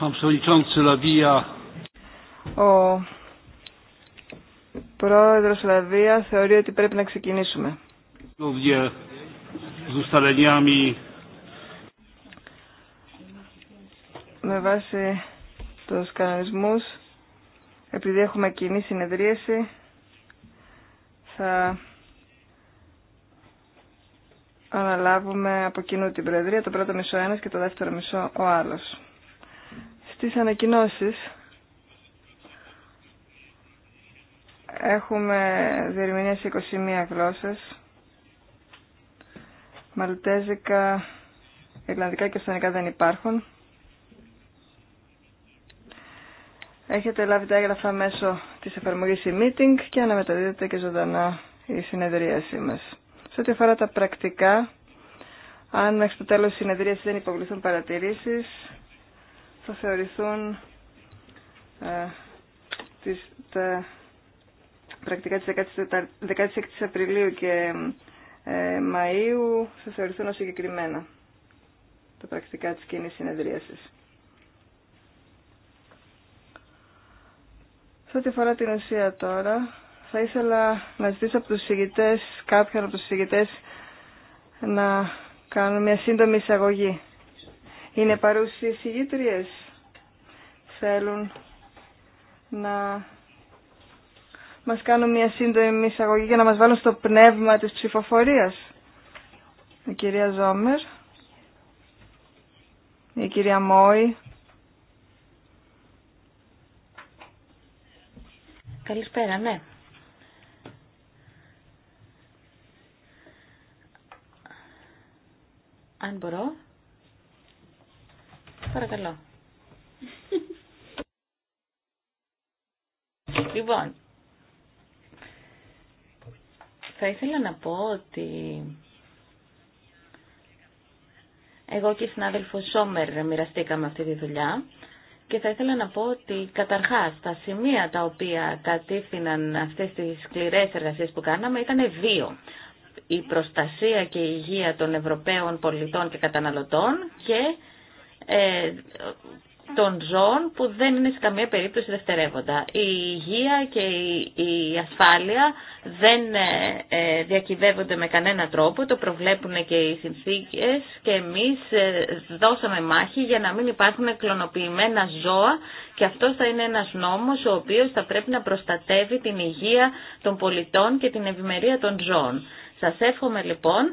Ο πρόεδρος Λαβία θεωρεί ότι πρέπει να ξεκινήσουμε. Με βάση τους κανονισμούς, επειδή έχουμε κοινή συνεδρίαση, θα αναλάβουμε από κοινού την Προεδρία, το πρώτο μισό ένας και το δεύτερο μισό ο άλλος στις ανακοινώσεις έχουμε διερμηνία σε 21 γλώσσες, μαλτέζικα, ιρλανδικά και Αστανικά δεν υπάρχουν. Έχετε λάβει τα έγγραφα μέσω της εφαρμογής e-meeting και αναμεταδίδεται και ζωντανά η συνεδρίασή μας. Σε ό,τι αφορά τα πρακτικά, αν μέχρι το τέλος της συνεδρίασης δεν υποβληθούν παρατηρήσεις, θα θεωρηθούν ε, τις, τα πρακτικά της 16 Απριλίου και ε, Μαΐου θα θεωρηθούν ως συγκεκριμένα τα πρακτικά της κοινή συνεδρίασης. Σε ό,τι αφορά την ουσία τώρα, θα ήθελα να ζητήσω από τους συγητές, κάποιον από τους συγητές, να κάνουν μια σύντομη εισαγωγή είναι παρούσες οι γήτριες. Θέλουν να μας κάνουν μια σύντομη εισαγωγή για να μας βάλουν στο πνεύμα της ψηφοφορίας. Η κυρία Ζόμερ, η κυρία Μόη. Καλησπέρα, ναι. Αν μπορώ, Παρακαλώ. λοιπόν, θα ήθελα να πω ότι εγώ και η συνάδελφο Σόμερ μοιραστήκαμε αυτή τη δουλειά και θα ήθελα να πω ότι καταρχάς τα σημεία τα οποία κατήφθηναν αυτές τις σκληρές εργασίες που κάναμε ήταν δύο. Η προστασία και η υγεία των Ευρωπαίων πολιτών και καταναλωτών και ε, των ζώων που δεν είναι σε καμία περίπτωση δευτερεύοντα. Η υγεία και η ασφάλεια δεν ε, ε, διακυβεύονται με κανένα τρόπο, το προβλέπουν και οι συνθήκες και εμείς δώσαμε μάχη για να μην υπάρχουν κλωνοποιημένα ζώα και αυτό θα είναι ένας νόμος ο οποίος θα πρέπει να προστατεύει την υγεία των πολιτών και την ευημερία των ζώων. Σας εύχομαι λοιπόν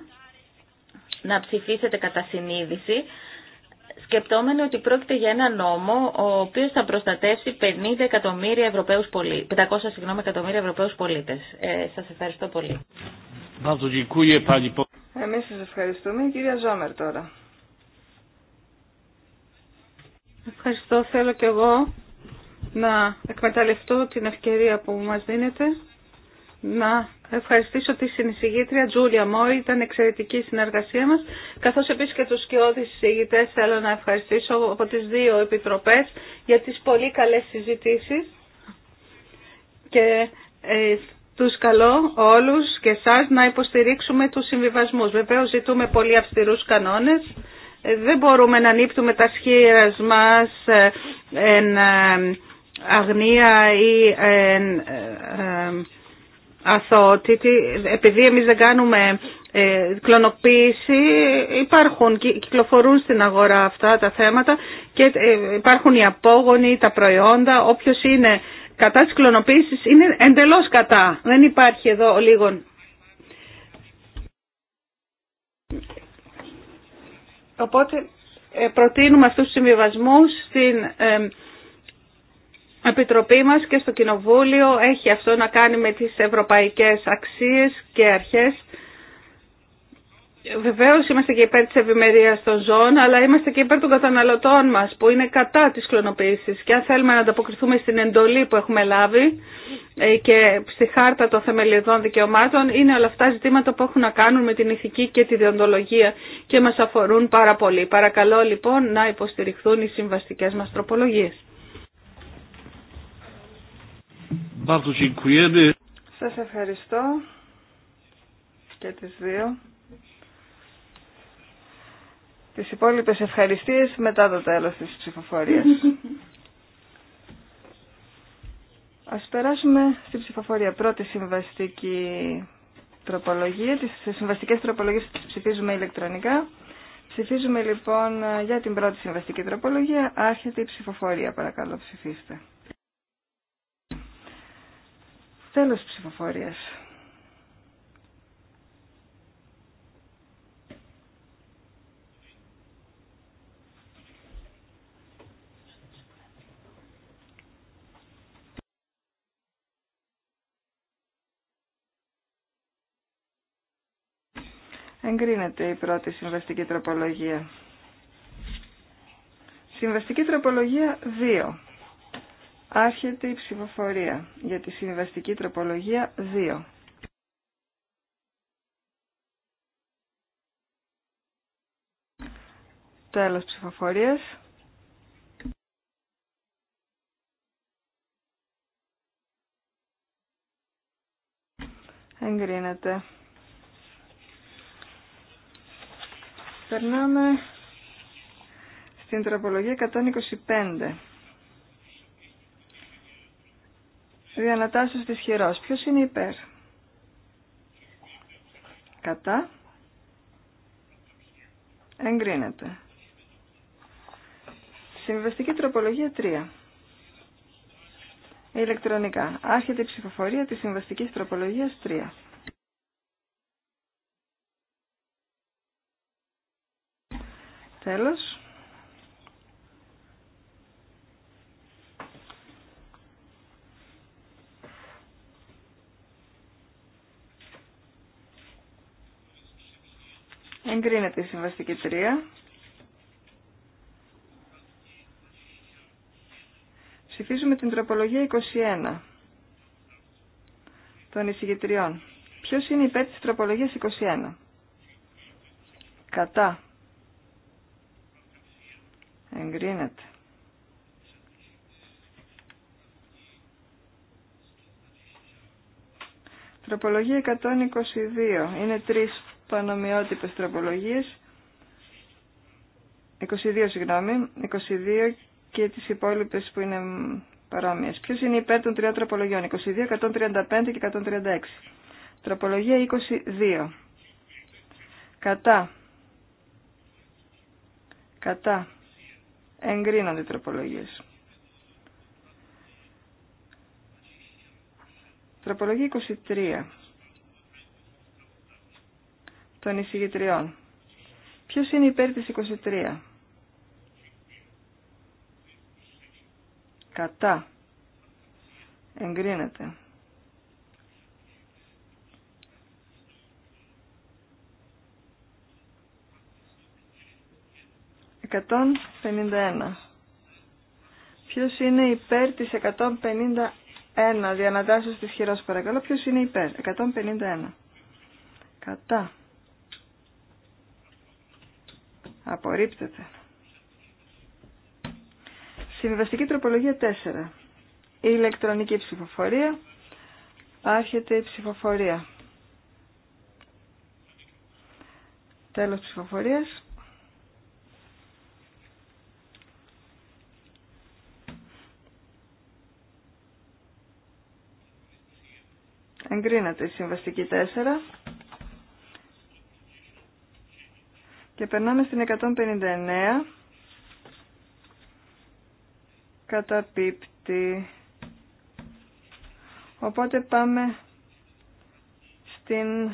να ψηφίσετε κατά συνείδηση σκεπτόμενοι ότι πρόκειται για ένα νόμο ο οποίος θα προστατεύσει 50 εκατομμύρια Ευρωπαίους πολίτες, 500 συγγνώμη, εκατομμύρια Ευρωπαίους πολίτες. Ε, σας ευχαριστώ πολύ. Εμείς σας ευχαριστούμε. Η κυρία Ζόμερ τώρα. Ευχαριστώ. Θέλω και εγώ να εκμεταλλευτώ την ευκαιρία που μας δίνεται να ευχαριστήσω τη συνεισηγήτρια Τζούλια Μόη, ήταν εξαιρετική η συνεργασία μας, καθώς επίσης και τους σκιώδεις συζητητές θέλω να ευχαριστήσω από τις δύο επιτροπές για τις πολύ καλές συζητήσεις και ε, τους καλώ όλους και εσά να υποστηρίξουμε τους συμβιβασμούς. Βεβαίω ζητούμε πολύ αυστηρούς κανόνες. Ε, δεν μπορούμε να ανήπτουμε τα σχήρας μας ε, εν ε, αγνία ή αθότητη, επειδή εμείς δεν κάνουμε ε, κλωνοποίηση, υπάρχουν, κυκλοφορούν στην αγορά αυτά τα θέματα και ε, υπάρχουν οι απόγονοι, τα προϊόντα, όποιος είναι κατά της κλωνοποίησης είναι εντελώς κατά. Δεν υπάρχει εδώ λίγον. Οπότε ε, προτείνουμε αυτούς τους συμβιβασμούς στην Επιτροπή μας και στο Κοινοβούλιο έχει αυτό να κάνει με τις ευρωπαϊκές αξίες και αρχές. Βεβαίως είμαστε και υπέρ της ευημερία των ζώων, αλλά είμαστε και υπέρ των καταναλωτών μας που είναι κατά της κλωνοποίησης. Και αν θέλουμε να ανταποκριθούμε στην εντολή που έχουμε λάβει ε, και στη χάρτα των θεμελιωδών δικαιωμάτων, είναι όλα αυτά ζητήματα που έχουν να κάνουν με την ηθική και τη διοντολογία και μας αφορούν πάρα πολύ. Παρακαλώ λοιπόν να υποστηριχθούν οι συμβαστικές μας τροπολογίες. Σας ευχαριστώ και τις δύο. Τις υπόλοιπες ευχαριστίες μετά το τέλος της ψηφοφορίας. Ας περάσουμε στην ψηφοφορία. Πρώτη συμβαστική τροπολογία. Τις συμβαστικές τροπολογίες τις ψηφίζουμε ηλεκτρονικά. Ψηφίζουμε λοιπόν ε, για την πρώτη συμβαστική τροπολογία. Άρχεται η ψηφοφορία. Παρακαλώ ψηφίστε. Τέλος ψηφοφορίας. Εγκρίνεται η πρώτη συμβαστική τροπολογία. Συμβαστική τροπολογία 2. Άρχεται η ψηφοφορία για τη συμβαστική τροπολογία 2. Τέλος ψηφοφορίας. Εγκρίνεται. Περνάμε στην τροπολογία 125. Διανατάσσεως της χειρός. Ποιος είναι υπέρ. Κατά. Εγκρίνεται. Συμβαστική τροπολογία 3. Ηλεκτρονικά. Άρχεται η ψηφοφορία της συμβαστικής τροπολογίας 3. Τέλος. Εγκρίνεται η συμβαστική τρία. Ψηφίζουμε την τροπολογία 21 των εισηγητριών. Ποιος είναι υπέρ της τροπολογίας 21. Κατά. Εγκρίνεται. Τροπολογία 122. Είναι τρεις πανομοιότυπες τροπολογίες, 22 συγγνώμη, 22 και τις υπόλοιπες που είναι παρόμοιες. Ποιος είναι υπέρ των τριών τροπολογιών, 22, 135 και 136. Τροπολογία 22. Κατά. Κατά. Εγκρίνονται οι τροπολογίες. Τροπολογία 23 των εισηγητριών. Ποιος είναι υπέρ της 23. Κατά. Εγκρίνεται. 151. Ποιος είναι υπέρ της 151 διανατάσσεως της χειρός παρακαλώ. Ποιος είναι υπέρ. 151. Κατά. Απορρίπτεται. Συμβιβαστική τροπολογία 4. Η ηλεκτρονική ψηφοφορία. Άρχεται η ψηφοφορία. Τέλος ψηφοφορίας. Εγκρίνεται η συμβαστική 4. Και περνάμε στην 159. Καταπίπτει. Οπότε πάμε στην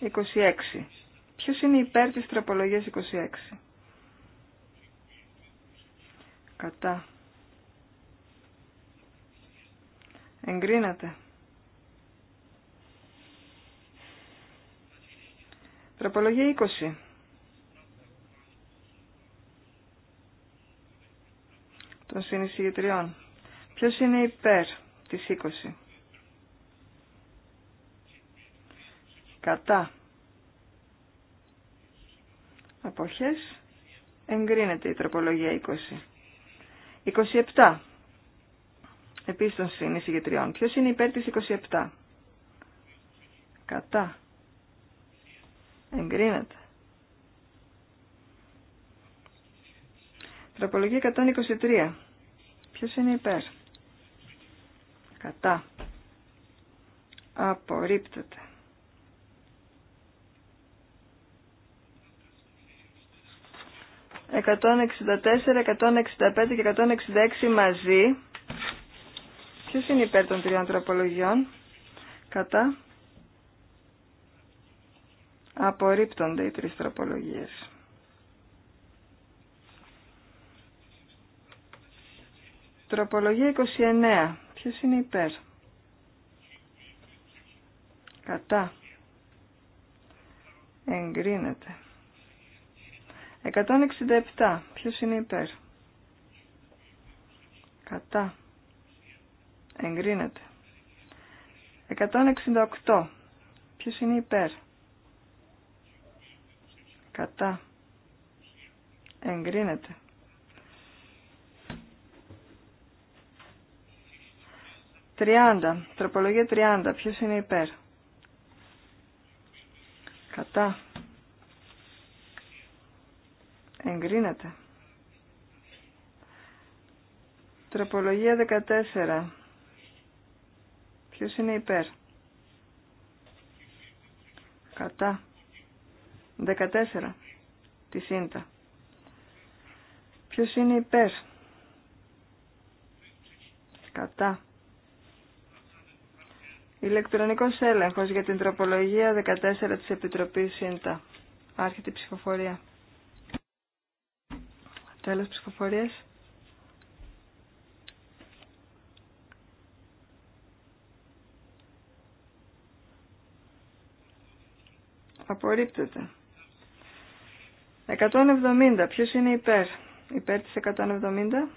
26. Ποιος είναι υπέρ της τροπολογίας 26. Κατά. Εγκρίνατε. Τροπολογία 20. των συνεισηγητριών. Ποιος είναι υπέρ τη 20. Κατά. Αποχές. Εγκρίνεται η τροπολογία 20. 27. Επίσης των συνεισηγητριών. Ποιος είναι υπέρ της 27. Κατά. Εγκρίνεται. Τροπολογία 123. Ποιος είναι υπέρ. Κατά. Απορρίπτεται. «164, 165 και 166 μαζί». Ποιος είναι υπέρ των τριών τροπολογιών. Κατά. Απορρίπτονται οι τρεις τροπολογίες. Τροπολογία 29. Ποιος είναι υπέρ. Κατά. Εγκρίνεται. 167. Ποιος είναι υπέρ. Κατά. Εγκρίνεται. 168. Ποιος είναι υπέρ. Κατά. Εγκρίνεται. 30. Τροπολογία 30. Ποιος είναι υπέρ. Κατά. Εγκρίνεται. Τροπολογία 14. Ποιος είναι υπέρ. Κατά. 14. Τη σύντα. Ποιος είναι υπέρ. Κατά. Ηλεκτρονικός έλεγχος για την τροπολογία 14 της Επιτροπής ΣΥΝΤΑ. Άρχεται η ψηφοφορία. Τέλος ψηφοφορίας. Απορρίπτεται. 170. Ποιος είναι υπέρ. Υπέρ της 170.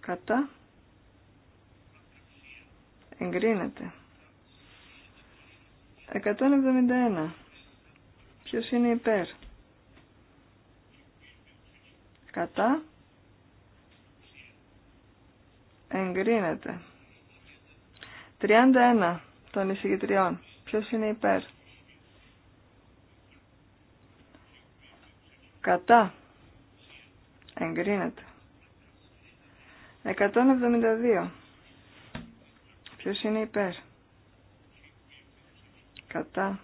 Κατά εγκρίνεται. 171. Ποιος είναι υπέρ. Κατά. Εγκρίνεται. 31 των εισηγητριών. Ποιος είναι υπέρ. Κατά. Εγκρίνεται. 172. Ποιος είναι υπέρ. Κατά.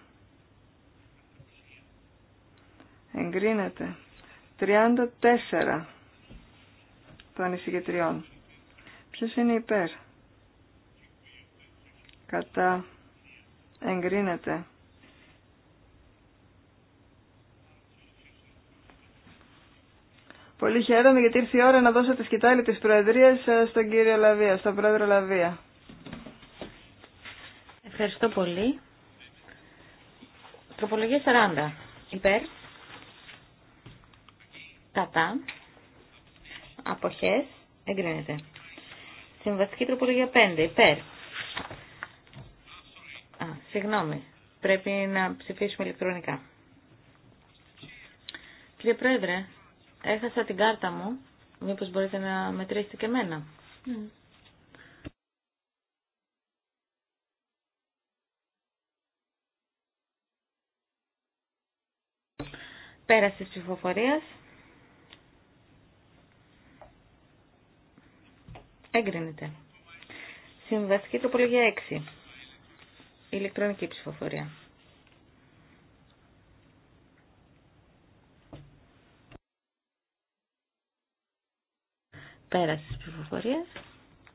Εγκρίνεται. 34 των εισηγητριών. Ποιος είναι υπέρ. Κατά. Εγκρίνεται. Πολύ χαίρομαι γιατί ήρθε η ώρα να δώσω τη σκητάλη της Προεδρίας ε, στον κύριο Λαβία, στον πρόεδρο Λαβία. Ευχαριστώ πολύ. Τροπολογία 40. Υπέρ. Κατά. Αποχές. Εγκρίνεται. Συμβαστική τροπολογία 5. Υπέρ. Α, συγγνώμη. Πρέπει να ψηφίσουμε ηλεκτρονικά. Κύριε Πρόεδρε, έχασα την κάρτα μου. Μήπως μπορείτε να μετρήσετε και εμένα. Mm. Πέραση της ψηφοφορίας. Έγκρινεται. Συμβαστική τροπολογία 6. Ηλεκτρονική ψηφοφορία. Πέραση της ψηφοφορίας.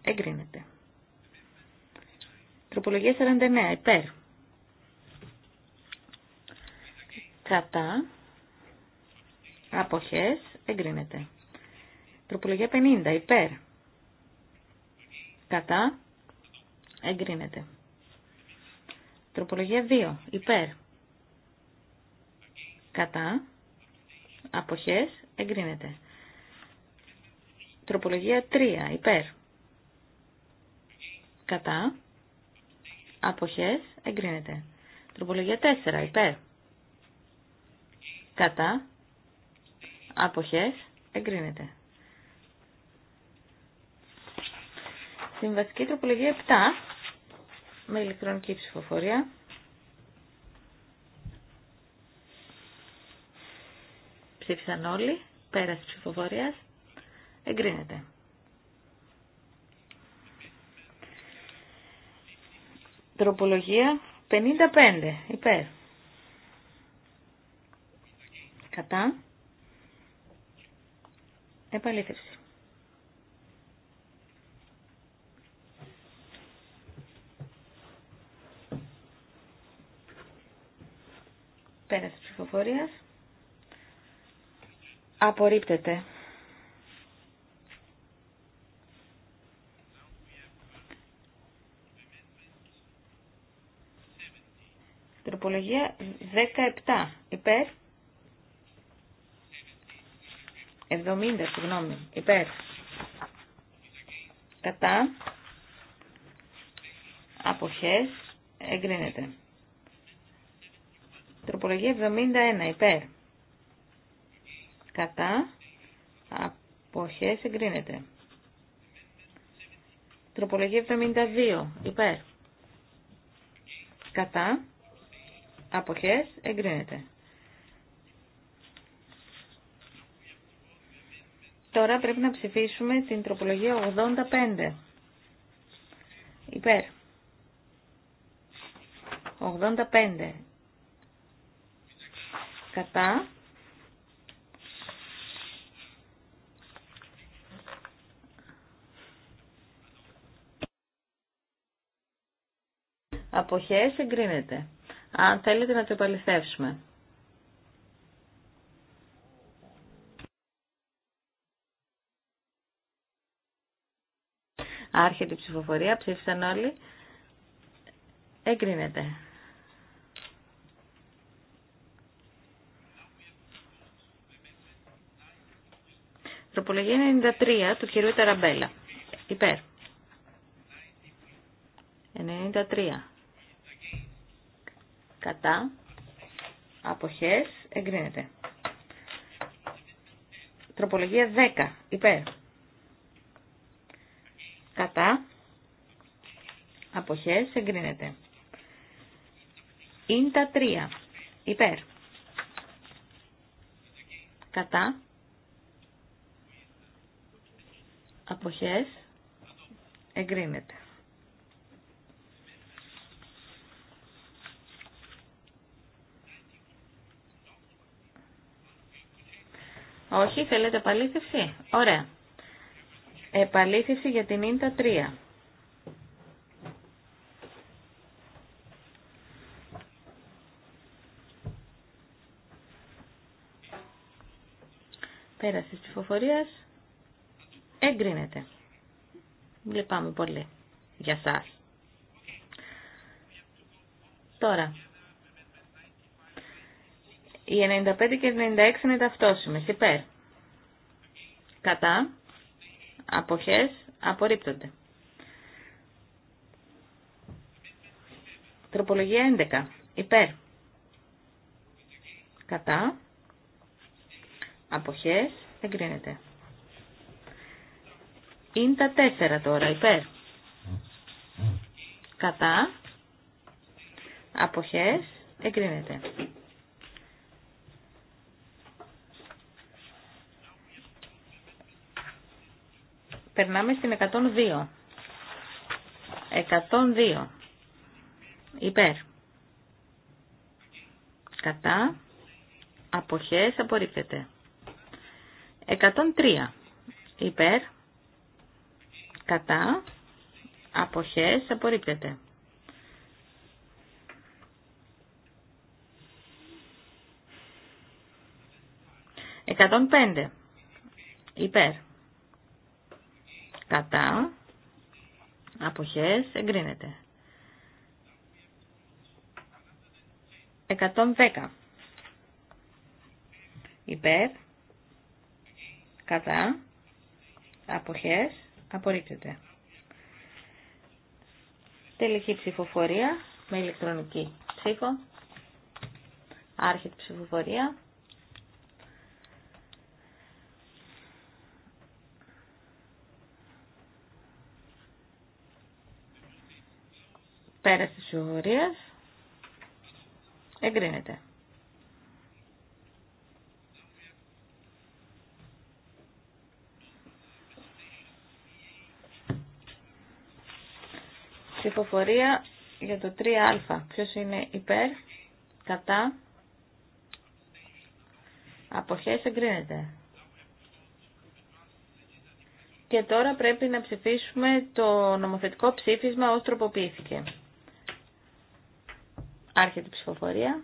Εγκρίνεται. Τροπολογία 49. Υπέρ. Κατά. Αποχές εγκρίνεται. Τροπολογία 50 υπέρ. Κατά εγκρίνεται. Τροπολογία 2 υπέρ. Κατά αποχές εγκρίνεται. Τροπολογία 3 υπέρ. Κατά αποχές εγκρίνεται. Τροπολογία 4 υπέρ. Κατά Αποχές. Εγκρίνεται. Συμβαστική τροπολογία 7 με ηλεκτρονική ψηφοφορία. Ψήφισαν όλοι. Πέρας ψηφοφορίας. Εγκρίνεται. Τροπολογία 55. Υπέρ. Κατά. Επαλήθευση. Πέραση ψηφοφορίας. Απορρίπτεται. Τροπολογία 17. Υπέρ. 70, συγγνώμη, υπέρ. Κατά. Αποχές. Εγκρίνεται. Τροπολογία 71, υπέρ. Κατά. Αποχές. Εγκρίνεται. Τροπολογία 72, υπέρ. Κατά. Αποχές. Εγκρίνεται. Τώρα πρέπει να ψηφίσουμε την τροπολογία 85. Υπέρ. 85. Κατά. Αποχές εγκρίνεται. Αν θέλετε να το επαληθεύσουμε. Άρχεται η ψηφοφορία. Ψήφισαν όλοι. Εγκρίνεται. Τροπολογία 93 του κυρίου Ταραμπέλα. Υπέρ. 93. Κατά. Αποχές. Εγκρίνεται. Τροπολογία 10. Υπέρ κατά, αποχές, εγκρίνεται. τα τρία. υπέρ, κατά, αποχές, εγκρίνεται. Όχι, θέλετε παλήθευση. Ωραία. Επαλήθευση για την ίντα 3. Πέραση της ψηφοφορίας εγκρίνεται. Λυπάμαι πολύ για σας. Τώρα, οι 95 και 96 είναι ταυτόσιμες, υπέρ. Κατά. Αποχές απορρίπτονται. Τροπολογία 11. Υπέρ. Κατά. Αποχές εγκρίνεται. Είναι τα 4 τώρα. Υπέρ. Κατά. Αποχές εγκρίνεται. Περνάμε στην 102. 102. Υπέρ. Κατά. Αποχές απορρίπτεται. 103. Υπέρ. Κατά. Αποχές απορρίπτεται. 105. Υπέρ. Κατά. Αποχές εγκρίνεται. 110. Υπέρ. Κατά. Αποχές απορρίπτεται. Τελική ψηφοφορία με ηλεκτρονική ψήφο. Άρχεται ψηφοφορία. Πέραση τη ψηφοφορίας. Εγκρίνεται. Ψηφοφορία για το 3α. Ποιος είναι υπέρ, κατά, αποχές εγκρίνεται. Και τώρα πρέπει να ψηφίσουμε το νομοθετικό ψήφισμα ως τροποποιήθηκε. Άρχεται η ψηφοφορία.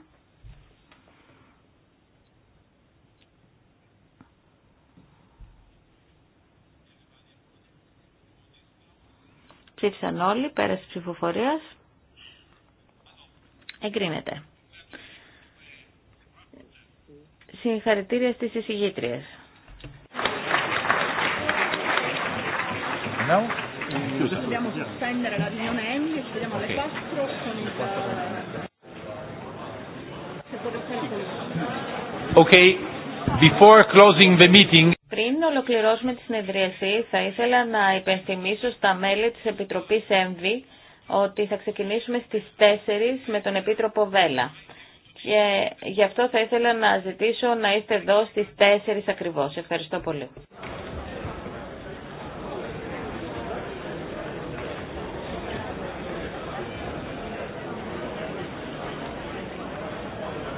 Ψήφισαν όλοι, πέρασε της ψηφοφορίας. Εγκρίνεται. Συγχαρητήρια στις εισηγήτριες. No? Dobbiamo sospendere la riunione Emily, e ci vediamo alle 4 con il... Okay. Before closing the meeting... Πριν ολοκληρώσουμε τη συνεδρίαση, θα ήθελα να υπενθυμίσω στα μέλη της Επιτροπής ΕΜΒΗ ότι θα ξεκινήσουμε στις 4 με τον Επίτροπο Βέλα. Και γι' αυτό θα ήθελα να ζητήσω να είστε εδώ στις 4 ακριβώς. Ευχαριστώ πολύ.